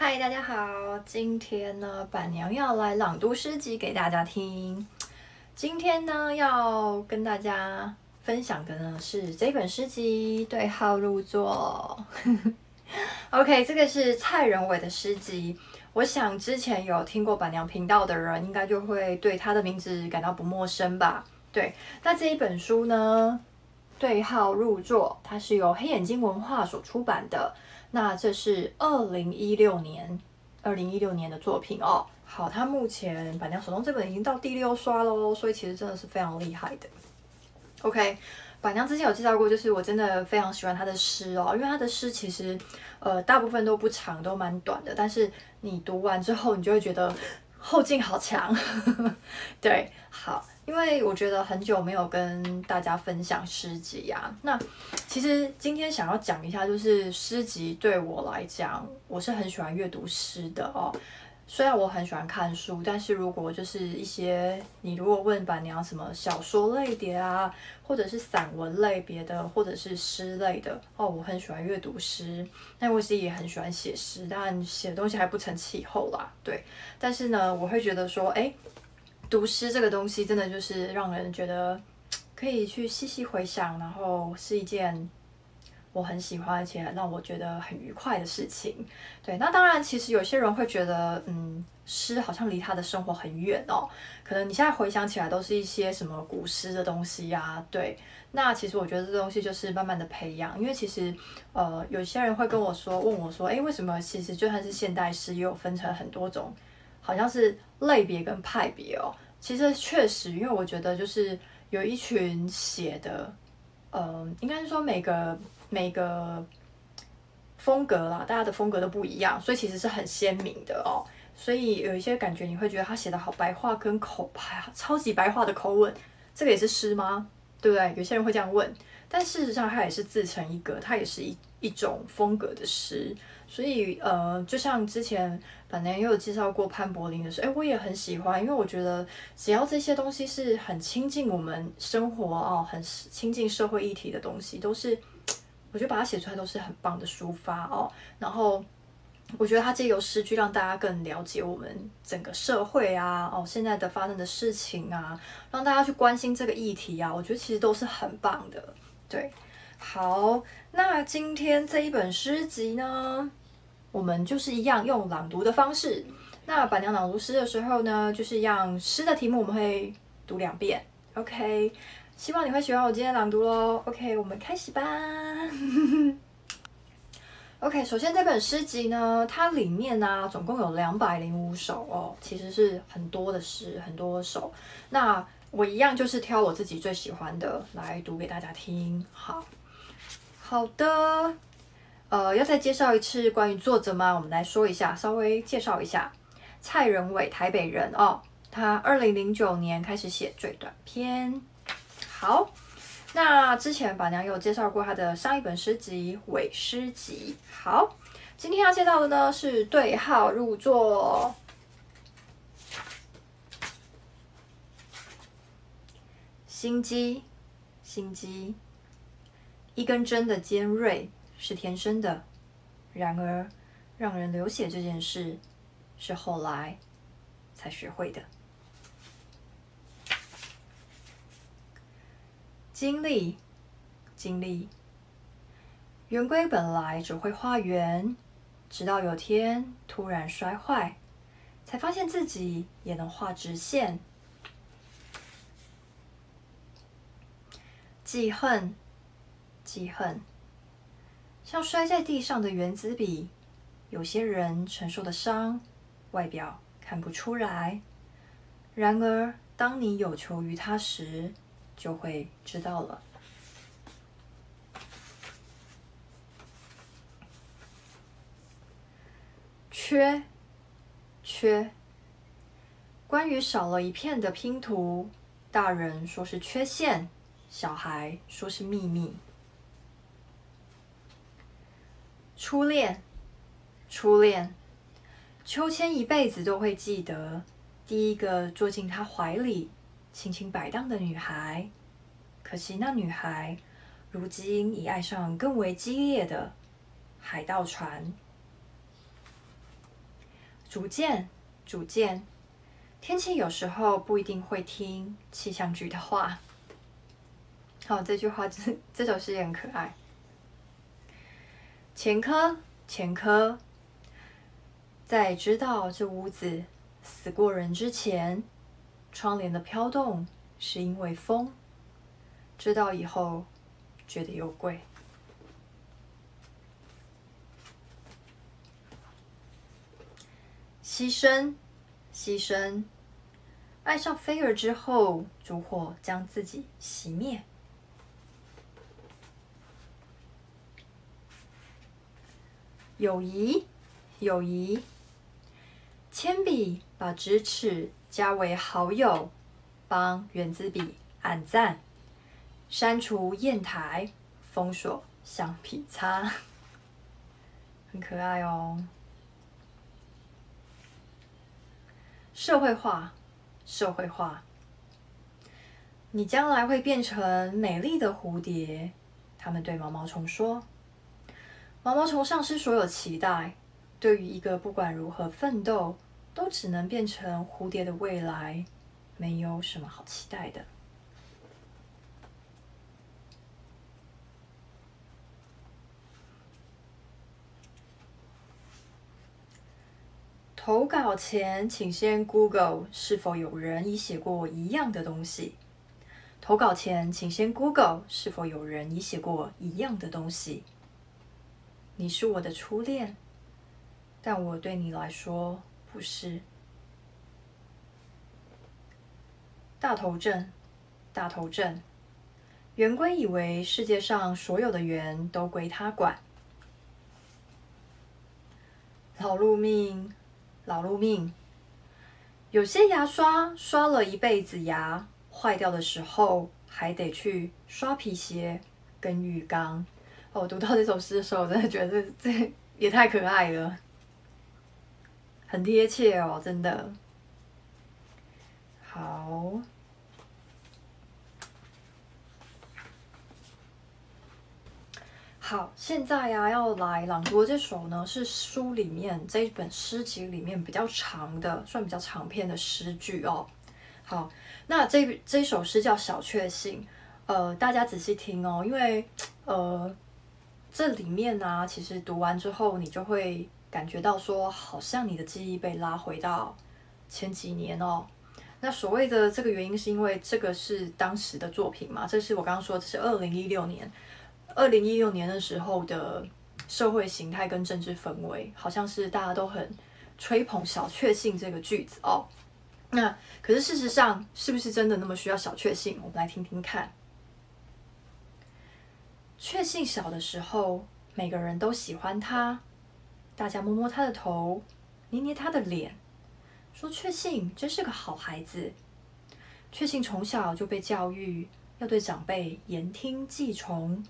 嗨，大家好！今天呢，板娘要來朗讀詩集給大家聽。今天呢，要跟大家分享的呢是這本詩集《對號入座。》 OK，這個是蔡仁偉的詩集。我想之前有聽過板娘頻道的人，應該就會對他的名字感到不陌生吧？對，那這一本書呢，對號入座，它是由黑眼睛文化所出版的。那這是二零一六年，二零一六年的作品哦。好，它目前板娘手中這本已經到第六刷嘍，所以其實真的是非常厲害的。OK，板娘之前有介紹過，就是我真的非常喜歡她的詩哦，因為她的詩其實呃大部分都不長，都蠻短的，但是你讀完之後，你就會覺得後勁好強。 對，好。因為我覺得很久沒有跟大家分享詩集呀、啊。那其實今天想要講一下，就是詩集對我來講，我是很喜歡閱讀詩的哦。雖然我很喜歡看書，但是如果就是一些你如果問吧，你要什麼小說類別啊，或者是散文類別的，或者是詩類的哦，我很喜歡閱讀詩。那我自己也很喜歡寫詩，但寫東西還不成氣候啦。對，但是呢，我會覺得說，欸。讀詩這個東西真的就是讓人覺得可以去細細回想，然後是一件我很喜歡而且讓我覺得很愉快的事情。對，那當然，其實有些人會覺得，嗯，詩好像離他的生活很遠哦。可能你現在回想起來都是一些什麼古詩的東西呀、啊？對，那其實我覺得這個東西就是慢慢的培養，因為其實呃，有些人會跟我說，問我說，誒，為什麼其實就算是現代詩也有分成很多種？好像是類別跟派別哦，其實確實，因為我覺得就是有一群寫的，嗯、呃，應該是說每個每個風格啦，大家的風格都不一樣，所以其實是很鮮明的哦。所以有一些感覺，你會覺得他寫的好白話跟口白，超級白話的口吻，這個也是詩嗎？對不對？有些人會這樣問。但事實上，他也是自成一格，他也是一一種風格的詩。所以，呃，就像之前本來也有介紹過潘柏林的詩，哎，我也很喜歡，因為我覺得只要這些東西是很親近我們生活哦，很親近社會議題的東西，都是，我覺得把它寫出來都是很棒的抒發哦。然後，我覺得他借由詩句讓大家更了解我們整個社會啊，哦，現在的發生的事情啊，讓大家去關心這個議題啊，我覺得其實都是很棒的。對，好，那今天這一本詩集呢，我們就是一樣用朗讀的方式。那板娘朗讀詩的時候呢，就是讓詩的題目我們會讀兩遍。OK，希望你會喜歡我今天的朗讀咯。OK，我們開始吧。 OK，首先這本詩集呢，它裡面呢，啊，總共有兩百零五首哦，其實是很多的詩，很多首。那我一樣就是挑我自己最喜歡的來讀給大家聽，好好的，呃，要再介紹一次關於作者嗎？我們來說一下，稍微介紹一下蔡仁偉，台北人哦，他二零零九年開始寫最短篇，好，那之前寶娘有介紹過他的上一本詩集《偽詩集》，好，今天要介紹的呢是對號入座。心機，心機。一根針的尖銳是天生的，然而讓人流血這件事是後來才學會的。經歷，經歷。圓規本來只會畫圓，直到有天突然摔壞，才發現自己也能畫直線。記恨，記恨，像摔在地上的原子筆。有些人承受的傷，外表看不出來。然而，當你有求於他時，就會知道了。缺，缺。關於少了一片的拼圖，大人說是缺陷。小孩說是秘密，初戀，初戀，秋千一輩子都會記得第一個坐進他懷裡輕輕擺盪的女孩。可惜那女孩如今已愛上更為激烈的海盜船。逐漸逐漸，天氣有時候不一定會聽氣象局的話。好，這句話這這首詩也很可愛。前科，前科，在知道這屋子死過人之前，窗簾的飄動是因為風。知道以後，覺得有鬼。犧牲，犧牲，愛上飛蛾之後，燭火將自己熄滅。友誼，友誼。鉛筆把直尺加為好友，幫原子筆按讚，刪除硯台，封鎖橡皮擦， 很可愛哦。社會化，社會化。你將來會變成美麗的蝴蝶，他們對毛毛蟲說。毛毛蟲喪失所有期待，對於一個不管如何奮鬥都只能變成蝴蝶的未來，沒有什麼好期待的。投稿前請先 Google 是否有人已寫過一樣的東西。投稿前請先 Google 是否有人已寫過一樣的東西。你是我的初戀，但我對你來說不是。大頭症，大頭症。圓規以為世界上所有的圓都歸他管。勞碌命，勞碌命。有些牙刷刷了一輩子牙，壞掉的時候還得去刷皮鞋跟浴缸。哦，我讀到這首詩的時候，我真的覺得這也太可愛了，很貼切哦，真的。好，好，現在啊，要來朗讀的這首呢，是書裡面這一本詩集裡面比較長的，算比較長篇的詩句哦。好，那這這首詩叫《小確幸》，呃，大家仔細聽哦，因為呃。這裡面呢、啊，其實讀完之後，你就會感覺到說，好像你的記憶被拉回到前幾年哦。那所謂的這個原因，是因為這個是當時的作品嘛，這是我剛剛說的，這是二零一六年，二零一六年的時候的社會形態跟政治氛圍，好像是大家都很吹捧“小確幸”這個句子哦。那可是事實上，是不是真的那麼需要小確幸？我們來聽聽看。確信小的時候，每個人都喜歡他，大家摸摸他的頭，捏捏他的臉，說“確信真是個好孩子”。確信從小就被教育要對長輩言聽計從，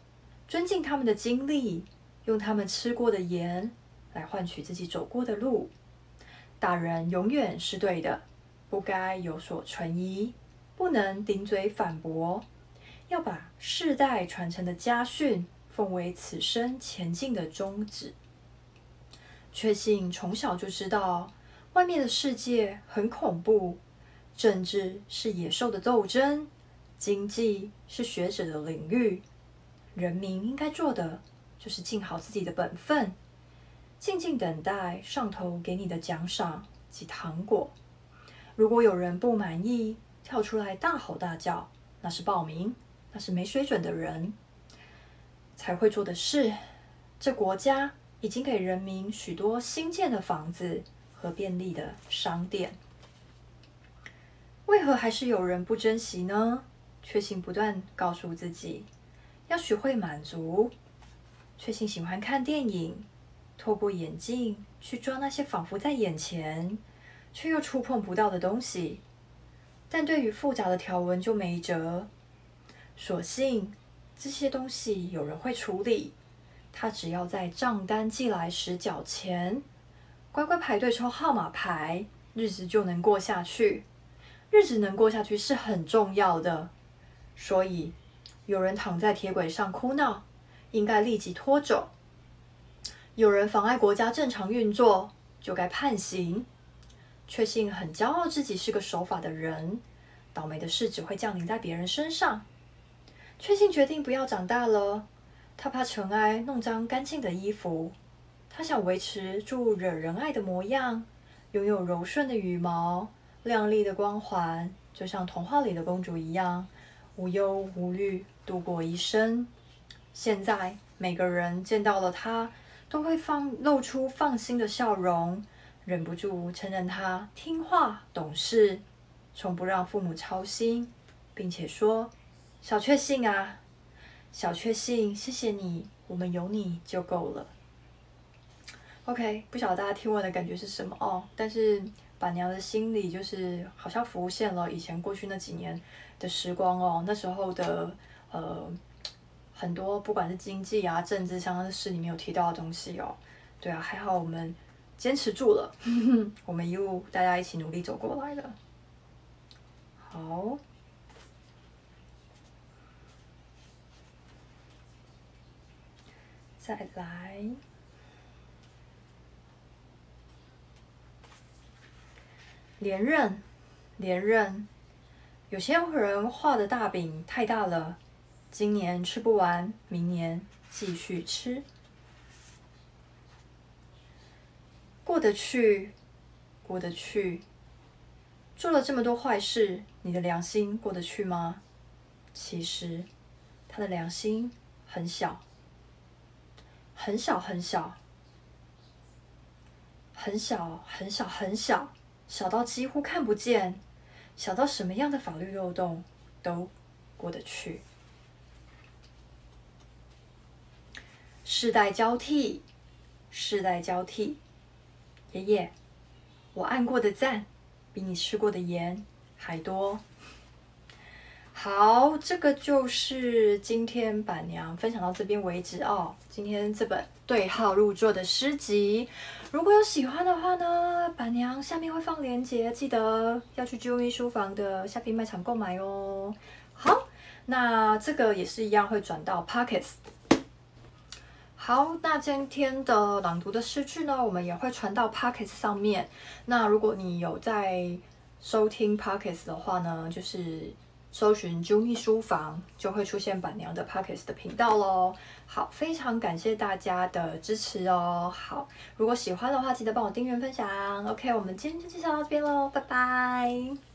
尊敬他們的經歷，用他們吃過的鹽來換取自己走過的路。大人永遠是對的，不該有所存疑，不能頂嘴反駁。要把世代傳承的家訓奉為此生前進的宗旨。確信從小就知道，外面的世界很恐怖，政治是野獸的鬥爭，經濟是學者的領域。人民應該做的就是盡好自己的本分，靜靜等待上頭給你的獎賞及糖果。如果有人不滿意，跳出來大吼大叫，那是暴民。是沒水準的人才會做的事。這國家已經給人民許多新建的房子和便利的商店，為何還是有人不珍惜呢？確信不斷告訴自己要學會滿足。確信喜歡看電影，透過眼鏡去抓那些仿佛在眼前卻又觸碰不到的東西，但對於複雜的條文，就沒轍。所幸這些東西有人會處理，他只要在賬單寄來時繳錢，乖乖排隊抽號碼牌，日子就能過下去。日子能過下去是很重要的，所以有人躺在鐵軌上哭鬧，應該立即拖走；有人妨礙國家正常運作，就該判刑。確信很驕傲自己是個守法的人，倒霉的事只會降臨在別人身上。確信決定不要長大了，他怕塵埃弄髒乾淨的衣服。他想維持住惹人愛的模樣，擁有柔順的羽毛、亮麗的光環，就像童話裡的公主一樣，無憂無慮度過一生。現在每個人見到了他，都會放露出放心的笑容，忍不住承認他聽話懂事，從不讓父母操心，並且說。小確幸啊，小確幸，謝謝你，我們有你就夠了。OK，不曉得大家聽完的感覺是什麼哦，但是板娘的心裡就是好像浮現了以前過去那幾年的時光哦，那時候的呃很多不管是經濟啊、政治相關的事裡面有提到的東西哦，對啊，還好我們堅持住了，呵呵我們一路大家一起努力走過來了，好。再來，連任，連任。有些人畫的大餅太大了，今年吃不完，明年繼續吃。過得去，過得去。做了這麼多壞事，你的良心過得去嗎？其實，他的良心很小。很小很小，很小很小很小，小到幾乎看不見，小到什麼樣的法律漏洞都過得去。世代交替，世代交替。爺爺，我按過的讚，比你吃過的鹽還多。好，這個就是今天板娘分享到這邊為止哦。今天這本《對號入座》的詩集，如果有喜歡的話呢，板娘下面會放鏈接，記得要去 Jumi 書房的蝦皮賣場購買哦。好，那這個也是一樣會轉到 Podcast。好，那今天的朗讀的詩句呢，我們也會傳到 Podcast 上面。那如果你有在收聽 Podcast 的話呢，就是。搜尋 “Joony 書房”就會出現板娘的 Pockets 的頻道嘍。好，非常感謝大家的支持哦。好，如果喜歡的話，記得幫我訂閱、分享。OK，我們今天就介紹到這邊嘍，拜拜。